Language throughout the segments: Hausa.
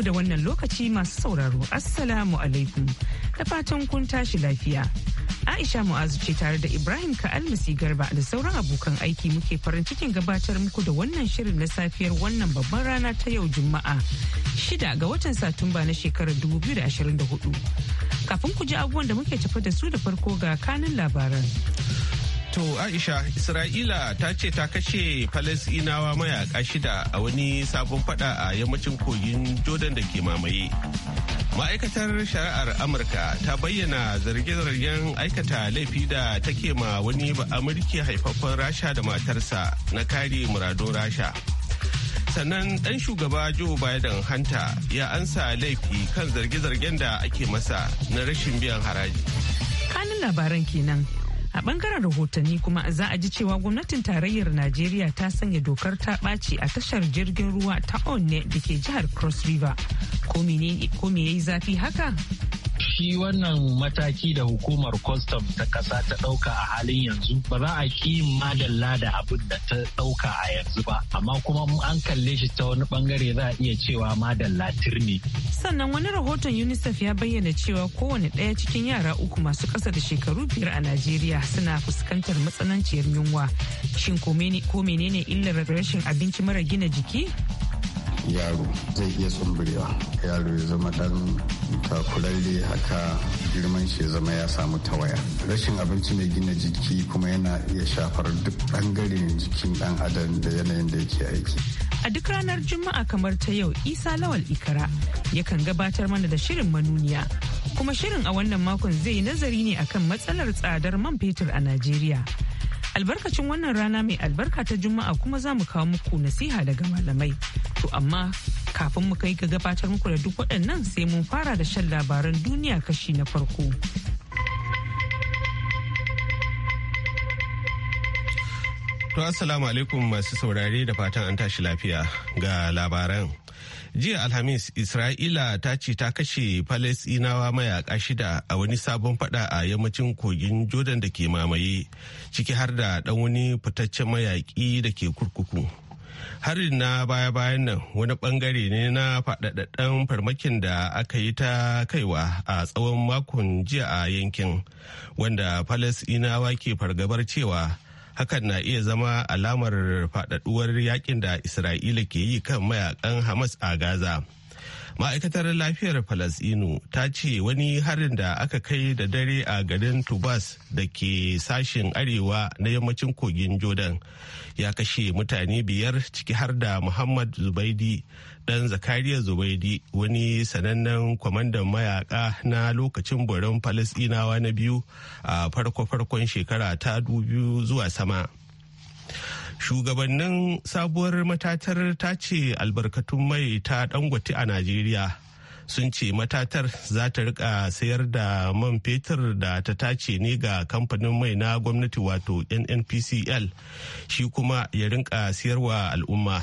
ku da wannan lokaci masu sauraro assalamu alaikum da fatan kun tashi lafiya aisha mu'azu ce tare da ibrahim ka'almasi garba da sauran abokan aiki muke farin cikin gabatar muku da wannan shirin na safiyar wannan babban rana ta yau juma'a shida ga watan satumba na shekarar 2024 kafin ku ji abubuwan da muke tafi da su da farko ga kanin labaran To Aisha, Isra'ila ta ce ta kashe Falasinawa mayaka shida a wani sabon fada a yammacin kogin Jordan da ke mamaye. Ma'aikatar shari'ar Amurka ta bayyana zarge-zargen aikata laifi da take ma wani ba'amurki haifafan Rasha da matarsa na kare muradun Rasha. Sannan ɗan shugaba Joe Biden hanta ya ansa laifi kan zarge-zargen da ake masa na rashin biyan haraji. Kanin labaran kenan. A bangaren rahotanni kuma za a ji cewa gwamnatin tarayyar Najeriya ta sanya dokar ta ɓaci a tashar jirgin ruwa ta Onne da ke jihar Cross River. Ko me ya yi zafi haka? shi wannan mataki da hukumar custom ta ƙasa ta ɗauka a halin yanzu ba za a ki madalla da abin da ta ɗauka a yanzu ba amma kuma an kalle shi ta wani bangare za a iya cewa madalla tirni. sannan wani rahoton unicef ya bayyana cewa kowane daya cikin yara uku masu ƙasa da shekaru biyar a najeriya suna fuskantar matsananciyar yunwa shin ko menene illar rashin abinci mara gina jiki yaro zai iya tsumburewa yaro ya zama dan takuralle haka girman shi ya zama ya samu tawaya rashin abinci mai gina jiki kuma yana iya shafar duk bangaren jikin dan adam da yanayin da yake aiki a duk ranar juma'a kamar ta yau isa lawal ikara yakan gabatar mana da shirin manuniya kuma shirin a wannan makon zai nazari ne akan matsalar tsadar man fetur a najeriya albarkacin wannan rana mai albarka ta juma'a kuma za mu kawo muku nasiha daga malamai to amma kafin mu kai ga gabatar muku da duk waɗannan sai mun fara da shan labaran duniya kashi na farko to assalamu alaikum masu saurare da fatan an tashi lafiya ga labaran jiya alhamis isra'ila ta ce ta kashe falasinawa mayaka shida a wani sabon fada a yammacin kogin jordan da ke mamaye ciki har da dan wani fitaccen mayaki da ke kurkuku harin na baya-bayan nan wani bangare ne na faɗaɗaɗɗen farmakin da aka yi ta kaiwa a tsawon makon jiya a yankin wanda falasinawa ke fargabar cewa hakan na iya zama alamar faɗaɗuwar yakin da isra'ila ke yi kan mayakan hamas a gaza ma'aikatar lafiyar falasinu ta ce wani harin da aka kai da dare a garin tubas da ke sashen arewa na yammacin kogin jordan ya kashe mutane biyar ciki har da muhammad zubaidi dan zakariya zubaidi wani sanannen kwamandan mayaka na lokacin boron Falasinawa na biyu a farko-farkon shekara ta dubu zuwa sama shugabannin sabuwar matatar ta ce albarkatun mai ta dangwati a najeriya sun ce matatar za ta rika sayar da man fetur da ta tace ne ga kamfanin mai na gwamnati wato nnpcl shi kuma ya rinka sayarwa al'umma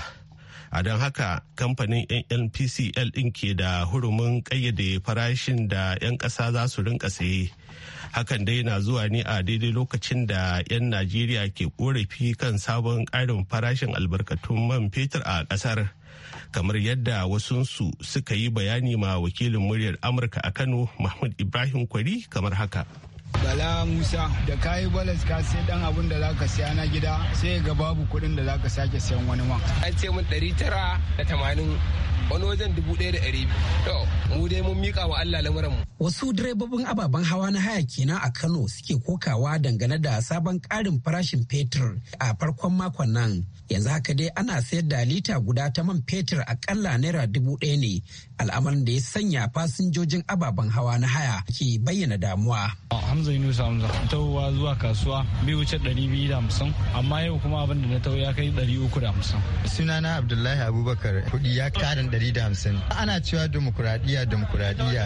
a don haka kamfanin nnpcl ɗin ke da hurumin ƙayyade farashin da 'yan ƙasa za su rinka saye hakan dai na zuwa ne a daidai lokacin da 'yan najeriya ke korafi kan sabon ƙarin farashin albarkatun man fetur a ƙasar kamar yadda wasunsu suka yi bayani ma wakilin muryar amurka a kano mahmud ibrahim kwari kamar haka Bala Musa da kayi balas ka sai dan abun da za ka siya na gida sai ga babu kuɗin da zaka sake siyan wani man. An ce min ɗari tara da tamanin wani wajen dubu ɗaya da ɗari to mu dai mun miƙa wa Allah lamuran mu. Wasu direbobin ababen hawa na haya kenan a Kano suke kokawa dangane da sabon ƙarin farashin fetur a farkon makon nan. Yanzu haka dai ana sayar da lita guda ta man fetur akalla naira dubu ɗaya ne al'amarin da ya sanya fasinjojin ababen hawa na haya ke bayyana damuwa. Hamza Yunusa Hamza wuwa zuwa kasuwa bai wuce ɗari biyu da hamsin amma yau kuma abin da na tau ya kai ɗari uku da hamsin. Sunana Abdullahi Abubakar kuɗi ya ƙara ɗari da 150 ana cewa demokuraɗiyya demokuraɗiyya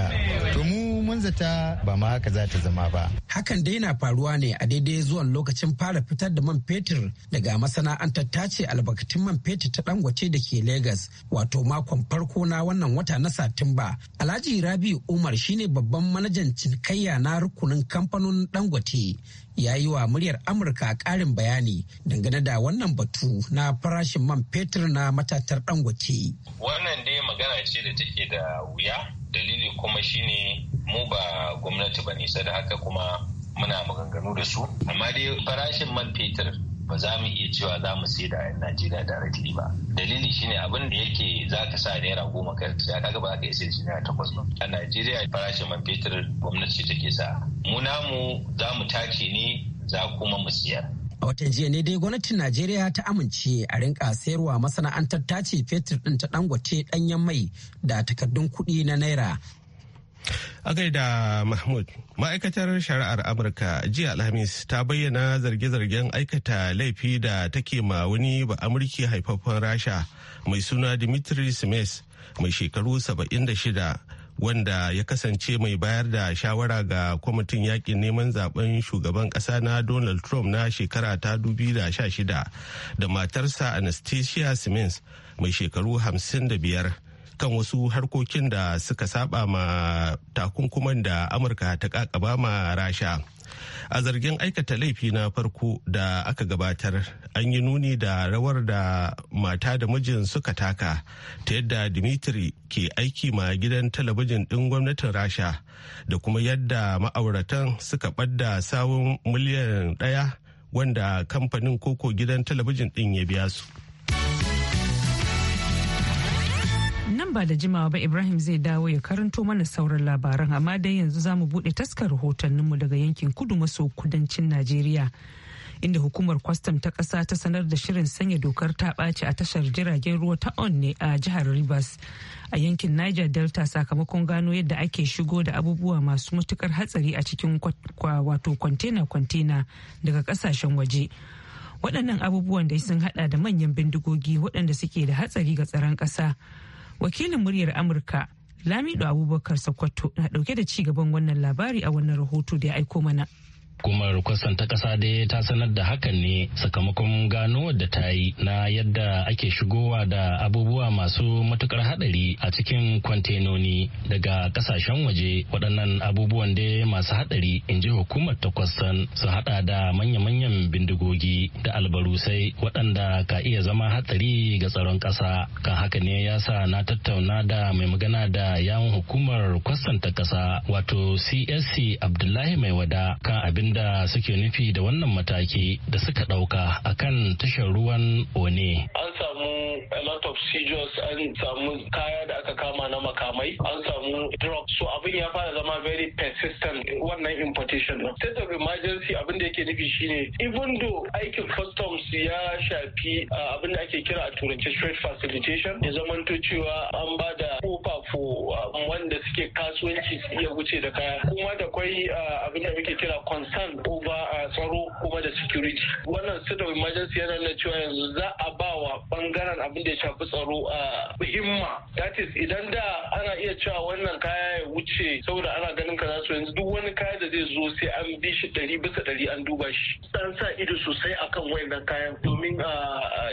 to mu mun zata ba ma haka za ta zama ba. Hakan dai na faruwa ne a daidai zuwan lokacin fara fitar da man fetur daga masana'antar tace albarkatun man fetur ta dangote da ke Legas wato makon farko na wannan wata na Satumba. Alhaji Rabi Umar shine babban manajan cinikayya na rukunin kamfanin dangote ya yi wa muryar Amurka karin bayani dangane da wannan batu na farashin man fetur na matatar dangote. Wannan dai magana ce da take da wuya dalili kuma shine mu ba gwamnati ba nisa da haka kuma muna maganganu da su amma dai farashin man fetur ba za mu iya cewa za mu sai da yan najeriya directly ba dalili shine abin da yake za ka sa naira goma ka ya kaga ba za ka isa sai naira takwas ba a najeriya farashin man fetur gwamnati take sa mu namu za mu tace ne za kuma mu siyar A watan jiya ne dai gwamnatin Najeriya ta amince a rinka sayarwa masana'antar tace fetur ɗin ta dangote ɗanyen mai da takardun kuɗi na naira. A gaida Mahmud, ma'aikatar shari'ar Amurka jiya Alhamis ta bayyana zarge-zargen aikata laifi da take ma wani ba Amurki haifaffen Rasha mai suna dimitris mes mai shekaru 76 wanda ya kasance mai bayar da shawara ga kwamitin yakin neman zaben shugaban kasa na donald trump na shekara ta 2016 da matarsa anastasia simmons mai shekaru 55 kan wasu harkokin da suka saba ma takunkuman da amurka ta kakaba ma rasha a zargin aikata laifi na farko da aka gabatar an yi nuni da rawar da mata da mijin suka taka ta yadda dimitri ke aiki ma gidan talabijin ɗin gwamnatin rasha da kuma yadda ma'auratan suka ɓadda sawun miliyan ɗaya wanda kamfanin koko gidan talabijin ɗin ya biya su ba da jimawa ba Ibrahim zai dawo ya karanto mana sauran labaran amma dai yanzu za mu buɗe taskar rahotanninmu daga yankin kudu maso kudancin Najeriya. Inda hukumar kwastam ta ƙasa ta sanar da shirin sanya dokar ta ɓaci a tashar jiragen ruwa ta on ne a jihar Rivers a yankin Niger Delta sakamakon gano yadda ake shigo da abubuwa masu matukar hatsari a cikin wato kwantena-kwantena daga ƙasashen waje. waɗannan abubuwan da sun haɗa da manyan bindigogi waɗanda suke da hatsari ga tsaron ƙasa wakilin muryar amurka lamido abubakar sokoto na dauke da ci gaban wannan labari a wannan rahoto da ya aiko mana Hukumar kwastan ta kasa dai ta sanar da hakan ne sakamakon gano da ta yi na yadda ake shigowa da abubuwa masu matukar haɗari a cikin kwantenoni daga kasashen waje waɗannan abubuwan dai masu haɗari in ji hukumar ta kwastan su haɗa da manya-manyan bindigogi da albarusai waɗanda ka iya zama hatsari ga tsaron ƙasa kan haka ne ya sa na tattauna da mai magana da yawon hukumar kwastan ta ƙasa wato csc abdullahi mai wada kan abin da suke nufi da wannan mataki da suka ɗauka akan tashar ruwan one. An samu a lot of seizures an samu kaya da aka kama na makamai an samu drugs so abin ya fara zama very persistent wannan importation na. State of emergency abin da yake nufi shine even though aikin customs ya shafi abin da ake kira a turance trade facilitation ya zamanto cewa an ba da kofa for um, wanda suke kasuwanci su wuce da kaya kuma da kwai abin da muke kira concern kan tsaro kuma da security wannan state of emergency yana na cewa yanzu za a ba wa bangaren abin da ya shafi tsaro a muhimma that is idan da ana iya cewa wannan kaya ya wuce saboda ana ganin kaza so yanzu duk wani kaya da zai zo sai an bi shi dari bisa ɗari an duba shi an sa ido sosai akan wayannan kayan domin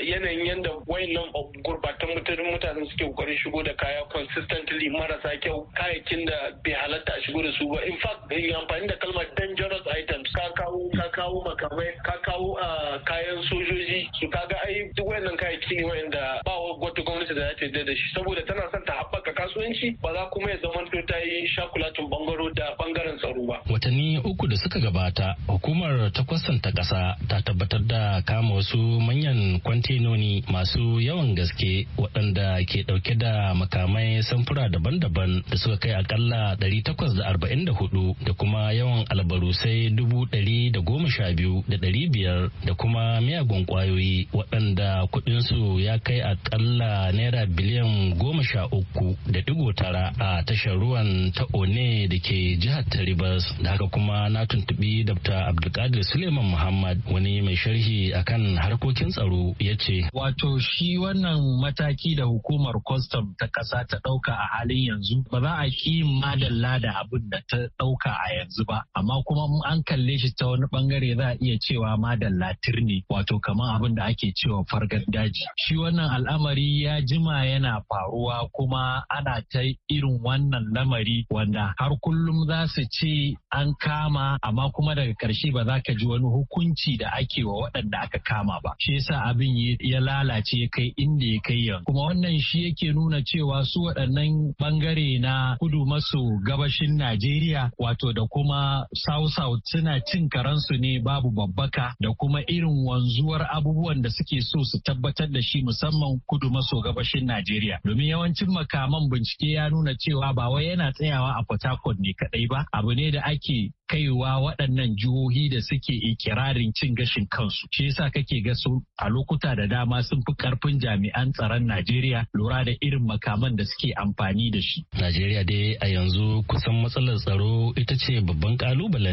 yanayin yadda wayannan gurbatan mutanen mutanen suke kokarin shigo da kaya consistently marasa kyau kayakin da bai halatta a shigo da su ba in fact amfani da kalmar dangerous item ka kawo ka kawo makamai ka kawo ah, kayan sojoji su kaga ai duk wayannan kayayyaki ne wayanda ba wata gwamnati da za ta yarda da shi saboda tana son ta haɓaka kasuwanci ba za kuma ya zama to ta yi shakulatin bangaro da bangaren tsaro ba. Watanni uku da suka gabata hukumar ta kwasanta ƙasa ta tabbatar da kama wasu manyan kwantenoni masu yawan gaske waɗanda ke ɗauke da makamai samfura daban-daban da suka kai akalla 844 da kuma yawan albarusai dubu ɗari da goma sha biyu da ɗari biyar da kuma miyagun kwayoyi waɗanda kuɗinsu ya kai akalla naira biliyan goma sha uku da digo tara a tashar ruwan ta one da ke jihar ta da haka kuma na tuntubi dr abdulkadir suleiman muhammad wani mai sharhi akan harkokin tsaro ya ce wato shi wannan mataki da hukumar kwastam ta ƙasa ta ɗauka a halin yanzu ba za a ki madalla da abin da ta ɗauka a yanzu ba amma kuma an kalle shi ta wani bangare za a iya cewa ma da latir ne wato kamar abin da ake cewa fargar daji shi wannan al'amari ya jima yana faruwa kuma ana ta irin wannan lamari wanda har kullum za su ce an kama amma kuma daga karshe ba za ka ji wani hukunci da ake wa waɗanda aka kama ba shi yasa abin ya lalace ya kai inda ya kai yanzu kuma wannan shi yake nuna cewa su waɗannan bangare na kudu maso gabashin Najeriya wato da kuma south south suna cin karansu ne babu babbaka da kuma irin wanzuwar abubuwan da suke so su tabbatar da shi musamman kudu maso gabashin Najeriya. Domin yawancin makaman bincike ya nuna cewa ba wai yana tsayawa a Port ne kadai ba, abu ne da ake kaiwa waɗannan jihohi da suke ikirarin cin gashin kansu. Shi yasa kake ga su a lokuta da dama sun fi karfin jami'an tsaron Najeriya lura da irin makaman da suke amfani da shi. Najeriya dai a yanzu kusan matsalar tsaro ita ce babban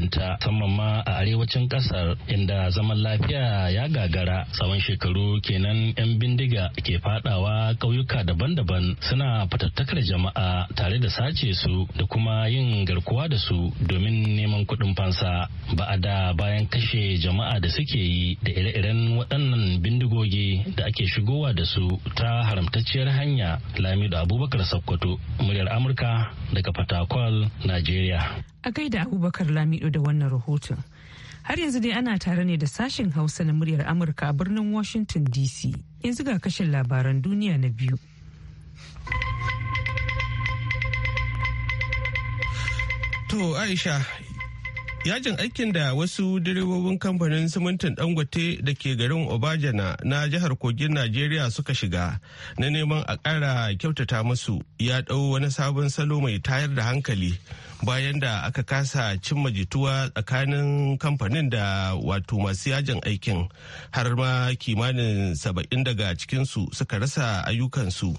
ta. musamman ma a arewacin kasar inda zaman lafiya ya gagara tsawon shekaru kenan 'yan bindiga ke fadawa ƙauyuka daban-daban suna fatattakar jama'a tare da sace su da kuma yin garkuwa da su domin neman kuɗin fansa ba a da bayan kashe jama'a da suke yi da ire-iren waɗannan bindigogi da ake shigowa da su ta haramtacciyar hanya lamido abubakar sakkwato muryar amurka daga fatakwal najeriya a gaida abubakar lamido da wannan rahoton rahoton har yanzu dai ana tare ne da sashen hausa na muryar amurka a birnin washington dc yanzu ga kashin labaran duniya na biyu to aisha Yajin aikin da wasu direbobin kamfanin simintin Dangote da ke garin Obajana na jihar Kogin Najeriya suka shiga na neman a ƙara kyautata musu, ya ɗau wani sabon salo mai tayar da hankali bayan da aka kasa cimma jituwa tsakanin kamfanin da wato masu yajin aikin har ma kimanin saba'in daga cikinsu suka rasa ayyukansu.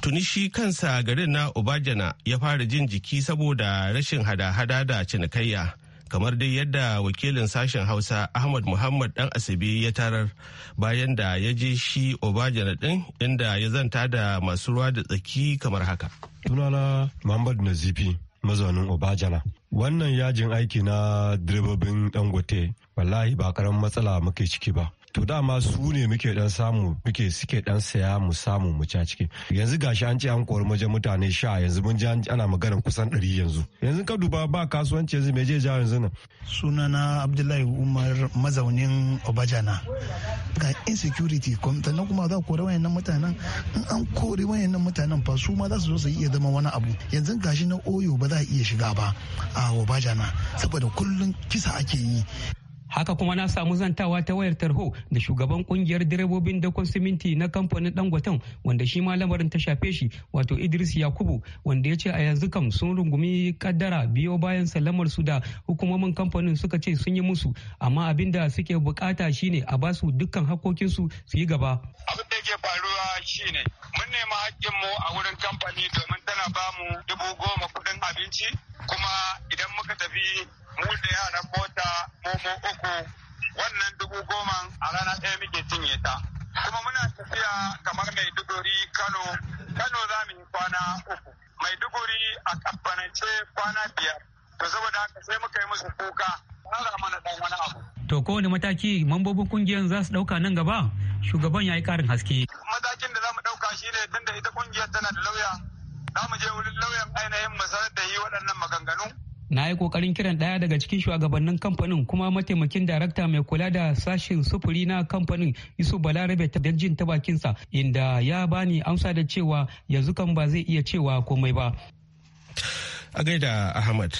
tuni shi kansa garin na obajana ya fara jin jiki saboda rashin hada-hada da cinikayya kamar dai yadda wakilin sashen hausa ahmad muhammad dan asibi ya tarar bayan da ya je shi obajana din inda ya zanta da masu ruwa da tsaki kamar haka sunana muhammad nazifi mazaunin obajana wannan yajin aiki na direbobin dangote wallahi ba karamin matsala muke ciki ba to dama su ne muke dan samu muke suke dan saya mu samu mu ca ciki yanzu gashi an ce an kori maje mutane sha yanzu mun ji ana magana kusan ɗari yanzu yanzu ka duba ba kasuwanci yanzu me je ja yanzu nan sunana abdullahi umar mazaunin obajana ga insecurity na kuma za kore wayannan mutanen in an kore wayannan mutanen fa su ma za su zo su iya zama wani abu yanzu gashi na oyo ba za a iya shiga ba a obajana saboda kullum kisa ake yi haka kuma na samu zantawa ta wayar tarho da shugaban kungiyar direbobin dakon siminti na kamfanin dangoton wanda shi ma lamarin ta shafe shi wato idris yakubu wanda ya ce a yanzu kam sun rungumi kaddara biyo bayan salamar su da hukumomin kamfanin suka ce sun yi musu amma abin da suke bukata shine a ba su dukkan hakokin su yi gaba abin da ke faruwa shine mun nema mu a wurin kamfani domin tana bamu dubu goma kudin abinci kuma idan muka tafi muda da yaran bota momo uku wannan dubu goma a rana ɗaya muke cinye ta kuma muna tafiya kamar mai maiduguri kano kano za mu yi kwana uku Mai maiduguri a kabbanance kwana biyar to saboda haka sai muka yi musu kuka ƙara mana ɗan wani abu to kowane mataki mambobin kungiyar za su ɗauka nan gaba shugaban ya yi ƙarin haske matakin da za mu ɗauka shine tunda ita kungiyar tana da lauya za mu je wurin lauyan ainihin mu sanar da yi waɗannan maganganu na yi kokarin kiran ɗaya daga cikin shugabannin kamfanin kuma mataimakin darakta mai kula da sashen sufuri na kamfanin yusuf balarabe ta jin ta bakinsa inda ya bani amsa da cewa yanzu kan ba zai iya cewa komai ba a gaida ahmad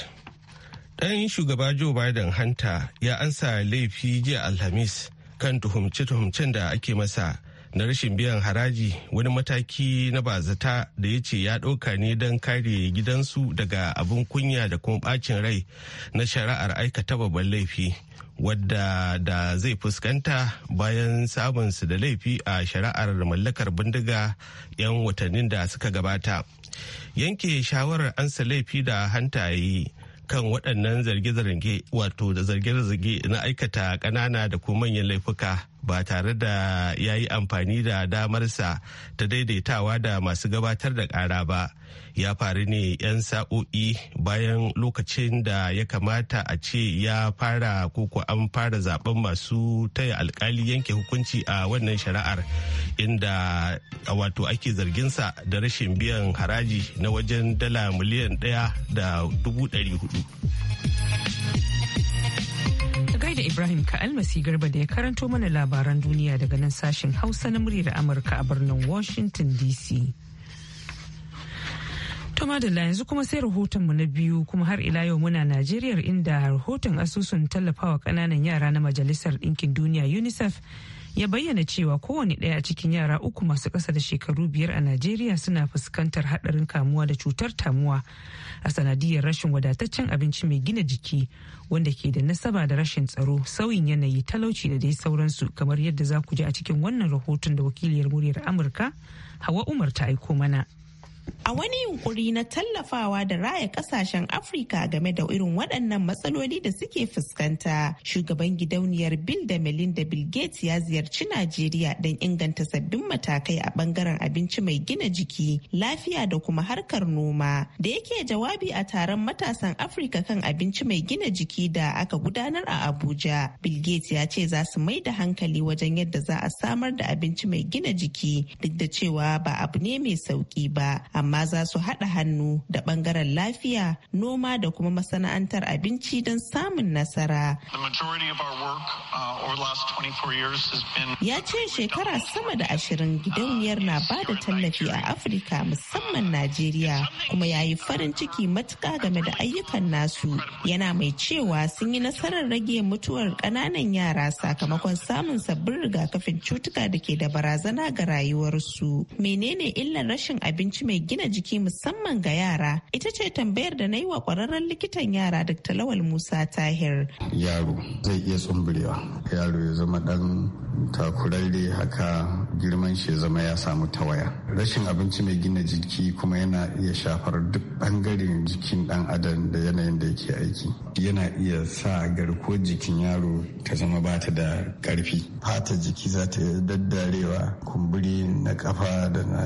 ɗan shugaba joe biden hanta ya ansa laifi jiya alhamis kan tuhumce-tuhumcen da ake masa na rashin biyan haraji wani mataki na bazata da ya ce ya ɗauka ne don kare gidansu daga abin kunya da kuma ɓacin rai na shari'ar aikata babban laifi wadda da zai fuskanta bayan samunsu da laifi a shari'ar mallakar bindiga 'yan watannin da suka gabata yanke shawarar ansa laifi da hantaye kan waɗannan zarge-zarge wato da zarge-zarge na aikata ƙanana da kuma manyan laifuka ba tare da ya yi amfani da damarsa ta daidaitawa da masu gabatar da kara ba ya faru ne 'yan sa'o'i bayan lokacin da ya kamata a ce ya fara koko an fara zaben masu taya alkali yanke hukunci a wannan shari'ar inda wato ake zarginsa da rashin biyan haraji na wajen dala miliyan ɗaya da dubu ɗari hudu. Ibrahim Ka'almasi Garba da ya karanto mana labaran duniya daga nan sashen Hausa na muryar Amurka a birnin Washington DC. To madalla yanzu kuma sai rahotonmu na biyu kuma har ila yau muna Najeriya inda rahoton asusun tallafawa kananan yara na Majalisar Ɗinkin Duniya UNICEF ya bayyana cewa kowane ɗaya cikin yara uku masu ƙasa da shekaru biyar a najeriya suna fuskantar haɗarin kamuwa da cutar tamuwa a sanadiyar rashin wadataccen abinci mai gina jiki wanda ke da nasaba da rashin tsaro sauyin yanayi talauci da dai sauransu kamar yadda za ku ji a cikin wannan rahoton da wakiliyar muryar amurka hawa umar ta aiko mana. A wani yunkuri na tallafawa da raya kasashen Afrika game da irin waɗannan matsaloli da suke fuskanta, shugaban gidauniyar Bill da Melinda Bill Gates ya ziyarci Najeriya don inganta sabbin matakai a bangaren abinci mai gina jiki, lafiya da kuma harkar noma. Da yake jawabi a taron matasan Afrika kan abinci mai gina jiki da aka gudanar a Abuja, Bill Gates ya ce za su mai da hankali wajen yadda za a samar da abinci mai gina jiki duk da cewa ba abu ne mai sauki ba. amma za su haɗa hannu da ɓangaren lafiya noma da kuma masana'antar abinci don samun nasara. Uh, ya ce shekara sama da ashirin gidauniyar na ba da tallafi a Afirka musamman Najeriya kuma ya yi farin ciki matuƙa game da ayyukan nasu yana mai cewa sun yi nasarar rage mutuwar ƙananan yara sakamakon samun sabbin rigakafin cutuka da ke da barazana ga rayuwarsu. Menene illar rashin abinci mai gina jiki musamman ga yara ita ce tambayar da na yi wa kwararren likitan yara da talawal musa tahir yaro zai iya tsumburewa yaro ya zama dan takurarre haka girman shi ya zama ya samu tawaya rashin abinci mai gina jiki kuma yana iya shafar duk bangaren jikin dan adam da yanayin da yake aiki yana iya sa garkuwar jikin yaro ta zama bata da karfi fata jiki za ta daddarewa kumburi na kafa da na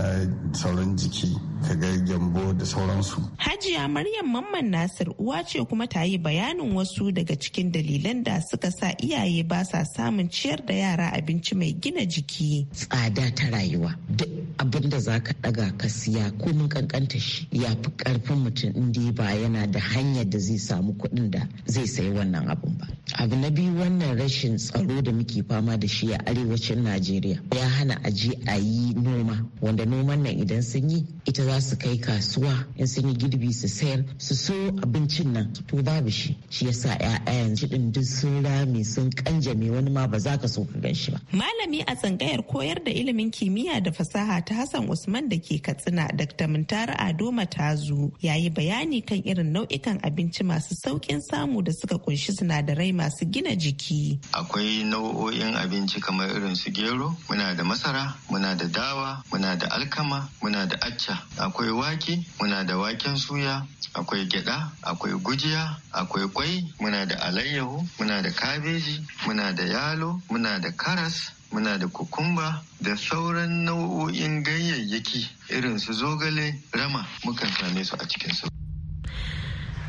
sauran jiki kaga gyambo da sauransu. Hajiya Maryam Mamman Nasir uwa ce kuma ta yi bayanin wasu daga cikin dalilan da suka sa iyaye ba sa samun ciyar da yara abinci mai gina jiki. Tsada ta rayuwa duk abin da za ka ɗaga ka siya ko mun kankanta shi ya fi ƙarfin mutum inda ba yana da hanyar da zai samu kuɗin da zai sayi wannan abin ba. Abu na biyu wannan rashin tsaro da muke fama da shi a arewacin Najeriya ya hana aje a yi noma wanda noman nan idan sun yi ita za su kai kasuwa in sun yi girbi su sayar su so abincin nan to babu shi shi yasa ƴaƴan ɗin duk sun rame sun kanjame wani ma ba za ka so ka gan shi ba. Malami a tsangayar koyar da ilimin kimiyya da fasaha ta Hassan Usman da ke Katsina Dr. Muntari Ado Matazu yayi bayani kan irin nau'ikan abinci masu sauƙin samu da suka kunshi sinadarai masu gina jiki. Akwai nau'o'in abinci kamar irin su gero, muna da masara, muna da dawa, muna da alkama, muna da acca. akwai wake muna da waken suya akwai gyada akwai gujiya akwai kwai muna da alayyahu muna da kabeji muna da yalo muna da karas muna da kukumba da sauran nau'o'in ganyayyaki irin su zogale rama mukan same su a cikin su.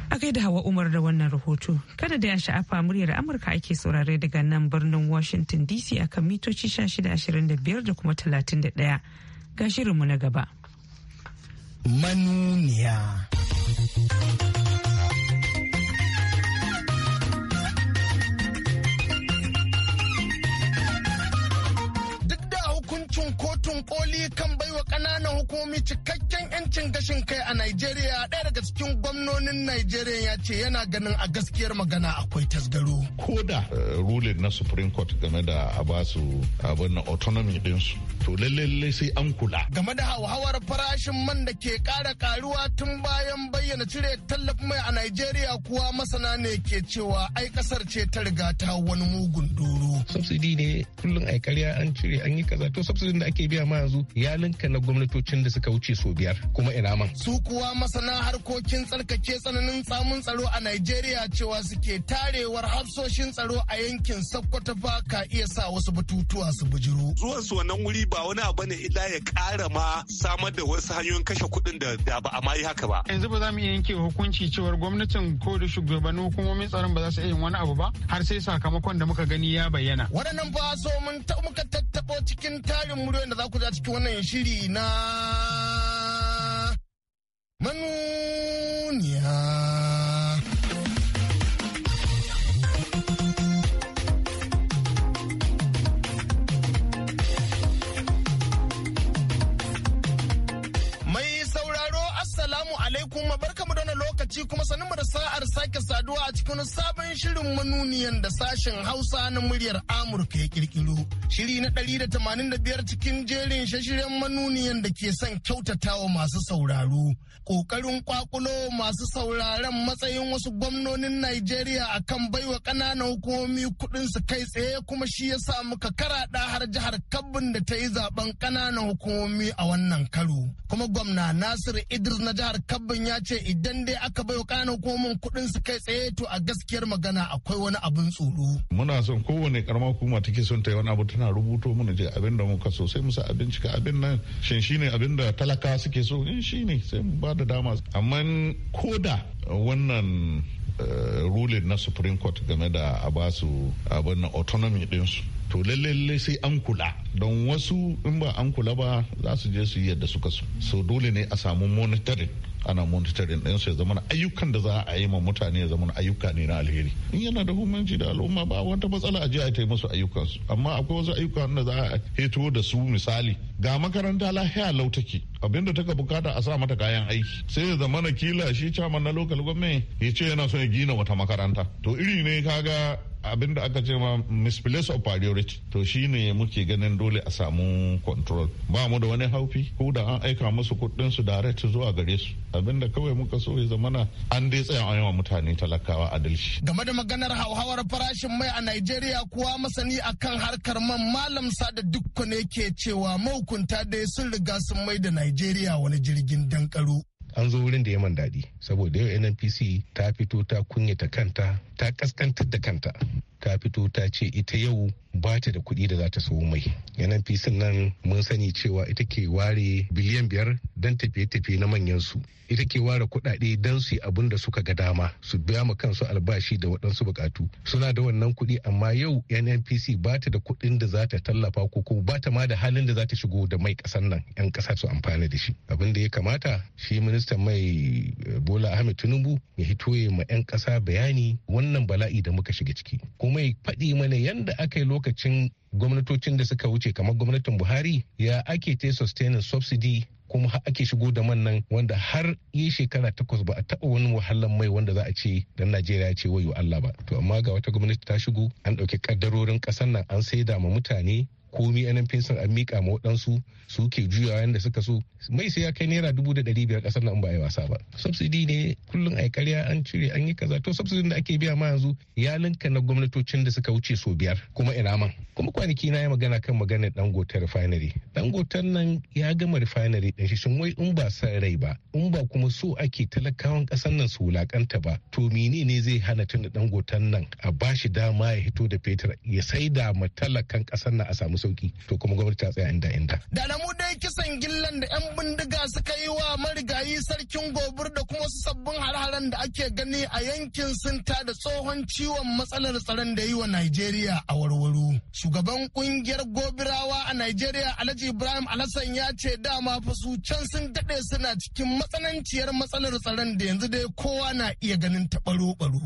a da hawa umar da wannan rahoto kada da ya sha'afa muryar amurka ake saurare daga nan birnin washington dc akan mitoci 1625 da kuma 31 ga shirinmu na gaba. manuniya. Duk da hukuncin kotun koli kan ƙananan hukumomi cikakken 'yancin gashin kai a Najeriya ɗaya daga cikin gwamnonin Najeriya ya ce yana ganin a gaskiyar magana akwai tasgaro. Ko da eh, ruling na Supreme Court game da a basu abin autonomy ɗinsu to lalle sai an kula. Game da hauhawar farashin man da ke kara karuwa tun bayan bayyana cire tallafin mai a Najeriya kuwa masana ne ke cewa ai kasar ce ta riga ta wani mugun doro. Subsidi ne kullum ai karya an cire an yi kaza to da ake biya ma yanzu ya linka na gwamnati. gwamnatocin da suka wuce sau biyar kuma ina man. Su kuwa masana harkokin tsarkake tsananin samun tsaro a Najeriya cewa suke tarewar hafsoshin tsaro a yankin Sokoto ba ka iya sa wasu batutuwa su bujiro. Zuwan su wannan wuri ba wani abu ne illa ya kara ma samar da wasu hanyoyin kashe kuɗin da da ba a ma yi haka ba. Yanzu ba za mu iya yanke hukunci cewar gwamnatin ko da shugabannin hukumomin tsaron ba za su iya yin wani abu ba har sai sakamakon da muka gani ya bayyana. Waɗannan ba so mun muka tattaɓo cikin tarin muryoyin da za ku ja cikin wannan shiri na manoma lokaci kuma sanin da sa'ar sake saduwa a cikin sabon shirin manuniyan da sashen Hausa na muryar Amurka ya kirkiro. Shiri na ɗari da tamanin da biyar cikin jerin shashiren manuniyan da ke son kyautatawa masu sauraro. Ƙoƙarin kwakulo masu sauraron matsayin wasu gwamnonin Najeriya akan baiwa ƙananan hukumomi kuɗin su kai tsaye kuma shi ya sa muka karaɗa har jihar Kabin da ta yi zaben ƙananan hukumomi a wannan karo. Kuma gwamna Nasir Idris na jihar Kabin ya ce idan dai aka aka bai wa ko hukumomin kuɗin su kai tsaye to a gaskiyar magana akwai wani abin tsoro. Muna son kowane karama hukuma take son ta yi wani abu tana rubuto mana je abin da muka so sai musa abin cika abin nan shin shine abin da talaka suke so in shine sai mu ba da dama amma koda wannan eh, rulin na supreme court game da a su abin autonomy dinsu. to lallai sai an kula don wasu in ba an kula ba za su je su yi yadda suka so so dole ne a samu monitoring ana monitoring ɗinsu ya zama ayyukan da za a yi ma mutane ya zama ayyuka ne na alheri in yana da hukunci da al'umma ba wata matsala a je a yi musu ayyukansu amma akwai wasu ayyuka da za a heto da su misali ga makaranta lahiya lautaki abin ta taka bukata a sa mata kayan aiki sai ya zama kila shi caman na local gwamnati ya ce yana son ya gina wata makaranta to iri ne kaga abin da aka ce ma misplace of priority to shine muke ganin dole a samu control ba mu da wani haufi ko da an aika musu kuɗin su direct zuwa gare su abin da kawai muka so ya zamana an dai tsaya an yawa mutane talakawa a adalci game da maganar hauhawar farashin mai a Najeriya kuwa masani akan harkar man malam sada dukkan yake cewa mahukunta dai sun riga sun mai da Najeriya wani jirgin dankaro an zo wurin da ya man daɗi saboda yau nnpc ta fito ta kunyata kanta ta kaskantar da kanta ta fito ta ce ita yau ba ta da kuɗi da za ta sayo mai ɗan-npc nan mun sani cewa ita ke ware biliyan biyar don tafiye-tafiye na manyan su ita ke ware kuɗaɗe don su yi abin da suka ga dama su biya ma kansu albashi da waɗansu buƙatu suna da wannan kuɗi amma yau nnpc ba ta da kuɗin da za ta tallafa ko ko ba ta ma da halin da za ta shigo da mai ƙasar nan yan ƙasa su amfani da shi abin da ya kamata shi minista mai eh, bola ahmed tinubu ya hito ya ma yan ƙasa bayani wannan bala'i da muka shiga ciki ko mai faɗi mana yadda aka yi lokacin gwamnatocin da suka wuce kamar gwamnatin buhari ya ake ta sustaining subsidy kuma ake shigo da man nan wanda har yi shekara takwas ba a taɓa wani wahalar mai wanda za a ce dan najeriya ya ce wayo allah ba to amma ga wata gwamnati ta shigo an ɗauki kaddarorin ƙasar nan an saida ma mutane komi nnpc a miƙa ma waɗansu su ke juyawa yadda suka so mai sai ya kai naira dubu da ɗari biyar ƙasar nan ba a yi wasa ba subsidi ne kullum a karya an cire an yi kaza to subsidi da ake biya ma yanzu ya linka na gwamnatocin da suka wuce so biyar kuma ina man kuma kwanaki na yi magana kan maganar dangote refinery dangotan nan ya gama refinery ɗin shi shin wai in ba san rai ba in ba kuma so ake talakawan ƙasar nan su wulakanta ba to menene ne zai hana tun da dangoten nan a bashi dama ya hito da fetur ya saida ma talakan ƙasar nan a samu sauki to kuma gwamnati ta tsaya inda inda da alamu dai kisan gillan da yan bindiga suka yi wa marigayi sarkin gobir da kuma wasu sabbin har-haren da ake gani a yankin sun ta da tsohon ciwon matsalar tsaron da yi wa Najeriya a warwaro. Shugaban kungiyar gobirawa a Najeriya Alhaji Ibrahim Alhassan ya ce dama fa su can sun dade suna cikin matsananciyar matsalar tsaron da yanzu dai kowa na iya ganin ta baro-baro.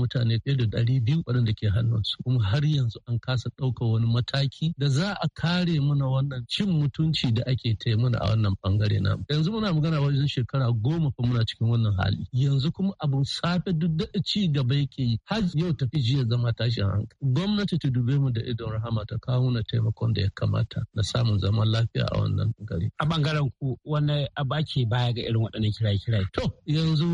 mutane fiye da ɗari biyu waɗanda ke hannunsu kuma har yanzu an kasa ɗaukar wani mataki da za za a kare muna wannan cin mutunci da ake ta mana a wannan bangare na yanzu muna magana wajen shekara goma fa muna cikin wannan hali yanzu kuma abu safe duk da ci gaba yake yi har yau tafi jiya zama tashin hankali gwamnati ta dube mu da idon rahama ta kawo na taimakon da ya kamata na samun zaman lafiya a wannan gari a bangaren ku wani abu ake baya ga irin waɗannan kirai-kirai to yanzu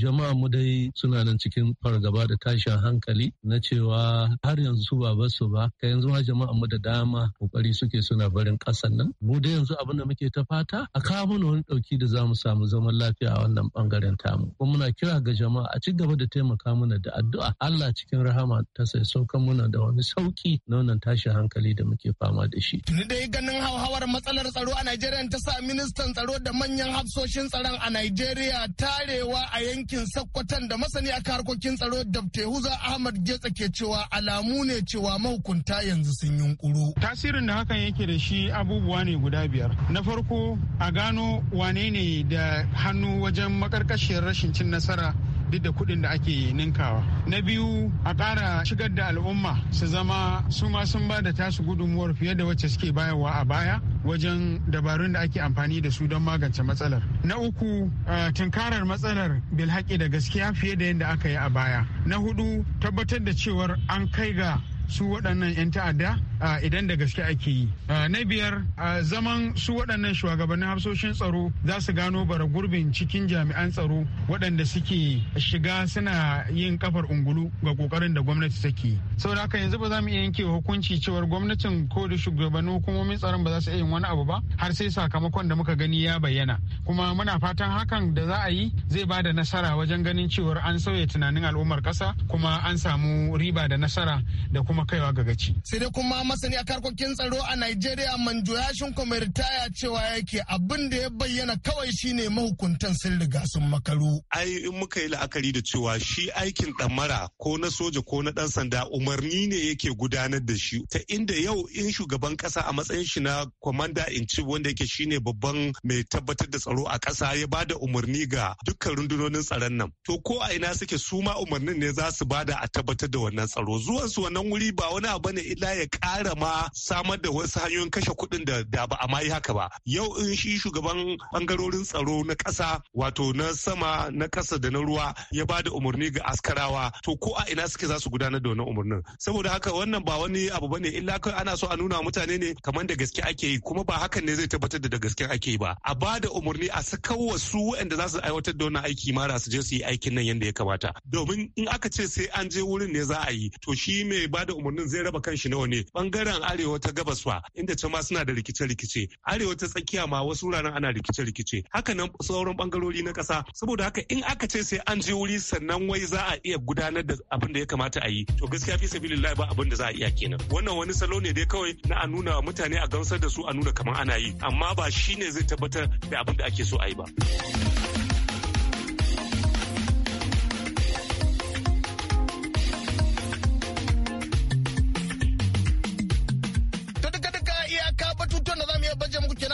jama'a mu dai suna nan cikin fargaba da tashin hankali na cewa har yanzu ba su ba ka yanzu ma jama'a mu da dama kuma kokari suke suna barin kasa nan mu da yanzu abin da muke ta fata a kawo mana wani ɗauki da zamu samu zaman lafiya a wannan bangaren tamu kuma muna kira ga jama'a a ci gaba da taimaka mana da addu'a Allah cikin rahama ta sai saukan muna da wani sauki na wannan tashin hankali da muke fama da shi tuni dai ganin hauhawar matsalar tsaro a Najeriya ta sa ministan tsaro da manyan hafsoshin tsaron a Najeriya tarewa a yankin Sokoton da masani akan harkokin tsaro Dr. Huza Ahmad Getsa ke cewa alamu ne cewa mahukunta yanzu sun yunkuru. tasirin da hakan yake da shi abubuwa ne guda biyar na farko a gano wane ne da hannu wajen makarkashiyar rashin cin nasara duk da kuɗin da ake ninkawa na biyu a ƙara shigar da al'umma su zama su ma sun ba da tasu gudunmuwar fiye da wacce suke bayarwa a baya wajen dabarun da ake amfani da su don magance matsalar na uku tunkarar matsalar bilhaƙi da gaskiya fiye da yadda aka yi a baya na hudu tabbatar da cewar an kai ga su waɗannan 'yan ta'adda idan da gaske ake yi. Na biyar zaman su waɗannan shugabannin hafsoshin tsaro za su gano bara gurbin cikin jami'an tsaro waɗanda suke shiga suna yin kafar ungulu ga ƙoƙarin da gwamnati take. Saboda haka yanzu ba za mu iya yanke hukunci cewar gwamnatin ko da shugabannin hukumomin tsaron ba za su iya yin wani abu ba har sai sakamakon da muka gani ya bayyana. Kuma muna fatan hakan da za a yi zai ba da nasara wajen ganin cewar an sauya tunanin al'ummar ƙasa kuma an samu riba da nasara da kuma kuma kaiwa ga gaci. Sai dai kuma masani a karkokin tsaro a Najeriya ya shin mai ritaya cewa yake abin da ya bayyana kawai shine mahukuntan sun riga sun makaru. Ai in muka yi la'akari da cewa shi aikin ɗamara ko na soja ko na ɗan sanda umarni ne yake gudanar da shi ta inda yau in shugaban ƙasa a matsayin shi na kwamanda in ci wanda yake shine babban mai tabbatar da tsaro a ƙasa ya ba da umarni ga dukkan rundunonin tsaron nan. To ko a ina suke su ma umarnin ne za su bada a tabbatar da wannan tsaro. Zuwansu wannan wuri ba wani abu ne illa ya kara ma samar da wasu hanyoyin kashe kuɗin da da ba a ma yi haka ba yau in shi shugaban bangarorin tsaro na ƙasa wato na sama na ƙasa da na ruwa ya ba da umarni ga askarawa to ko a ina suke za su gudanar da wannan umarnin saboda haka wannan ba wani abu bane illa kai ana so a nuna mutane ne kamar da gaske ake yi kuma ba hakan ne zai tabbatar da da gaske ake yi ba a ba da umarni a sakawa su waɗanda za su aiwatar da wannan aiki mara su je su yi aikin nan yadda ya kamata domin in aka ce sai an je wurin ne za a yi to shi mai ba da umarnin zai raba kanshi nawa ne bangaren arewa ta gabas fa inda can ma suna da rikice-rikice arewa ta tsakiya ma wasu wuraren ana rikice-rikice haka nan sauran bangarori na ƙasa saboda haka in aka ce sai an je wuri sannan wai za a iya gudanar da abin da ya kamata a yi to gaskiya fi lai ba abin da za a iya kenan wannan wani salo ne dai kawai na a nuna mutane a gamsar da su a nuna kamar ana yi amma ba shine zai tabbatar da abin da ake so a yi ba.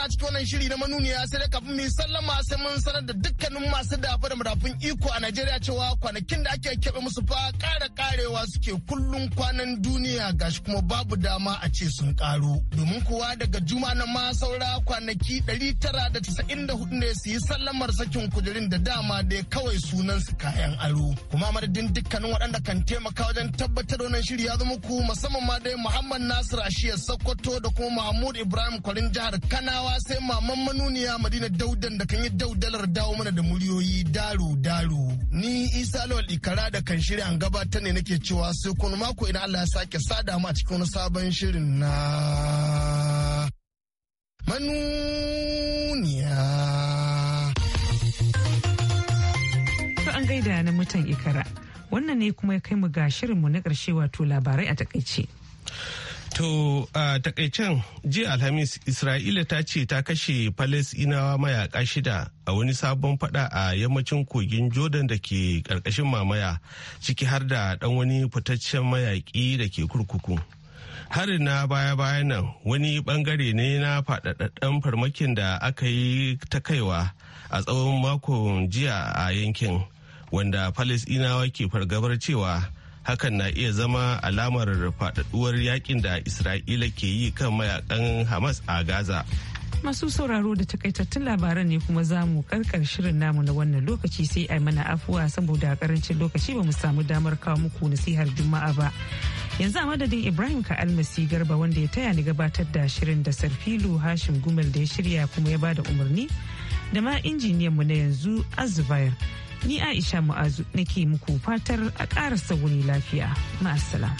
cikin wannan shiri na manuniya sai da kafin mu sallama sai mun sanar da dukkanin masu dafa da madafun iko a Najeriya cewa kwanakin da ake keɓe musu fa ƙara ƙarewa suke kullum kwanan duniya gashi kuma babu dama a ce sun ƙaro. Domin kuwa daga juma na ma saura kwanaki 994 ne su yi sallamar sakin kujerin da dama dai kawai sunan su kayan aro. Kuma madadin dukkanin waɗanda kan taimaka wajen tabbatar wannan shiri ya zama ku musamman ma dai Muhammad Nasir Ashiyar Sokoto da kuma Mahmud Ibrahim Kwarin jihar Kanawa sai maman manuniya madina daudan da kan yi daudalar dawo mana da muryoyi daru daru ni isa lawal ikara da kan shirya an gabatar ne nake cewa sai kun mako idan allah ya sake sada mu a cikin wani sabon shirin na manuniya to an gaida na mutan ikara wannan ne kuma ya kai mu ga shirin mu na karshe wato labarai a takaice To a takaicen jiya Alhamis Isra'ila ta ce ta kashe Falasinawa mayaka shida a wani sabon fada a yammacin kogin Jordan da ke karkashin mamaya ciki har da dan wani fitaccen mayaki da ke kurkuku. Harin na baya-baya nan wani bangare ne na fadaddan farmakin da aka yi ta kaiwa a tsawon makon jiya a yankin wanda Falasinawa ke fargabar cewa hakan na iya zama alamar faɗaɗuwar yakin da isra'ila ke yi kan mayakan hamas a gaza masu sauraro da takaitattun labaran ne kuma za mu karkar shirin namu na wannan lokaci sai a mana afuwa saboda karancin lokaci ba mu samu damar kawo muku nasihar juma'a ba yanzu a madadin ibrahim ka almasi garba wanda ya taya ni gabatar da shirin da sarfilu hashim gumel da ya shirya kuma ya ba da umarni da ma injiniyan mu na yanzu azubair Ni Aisha Mu'azu nake muku fatar a ƙara sauri lafiya. Ma'asala.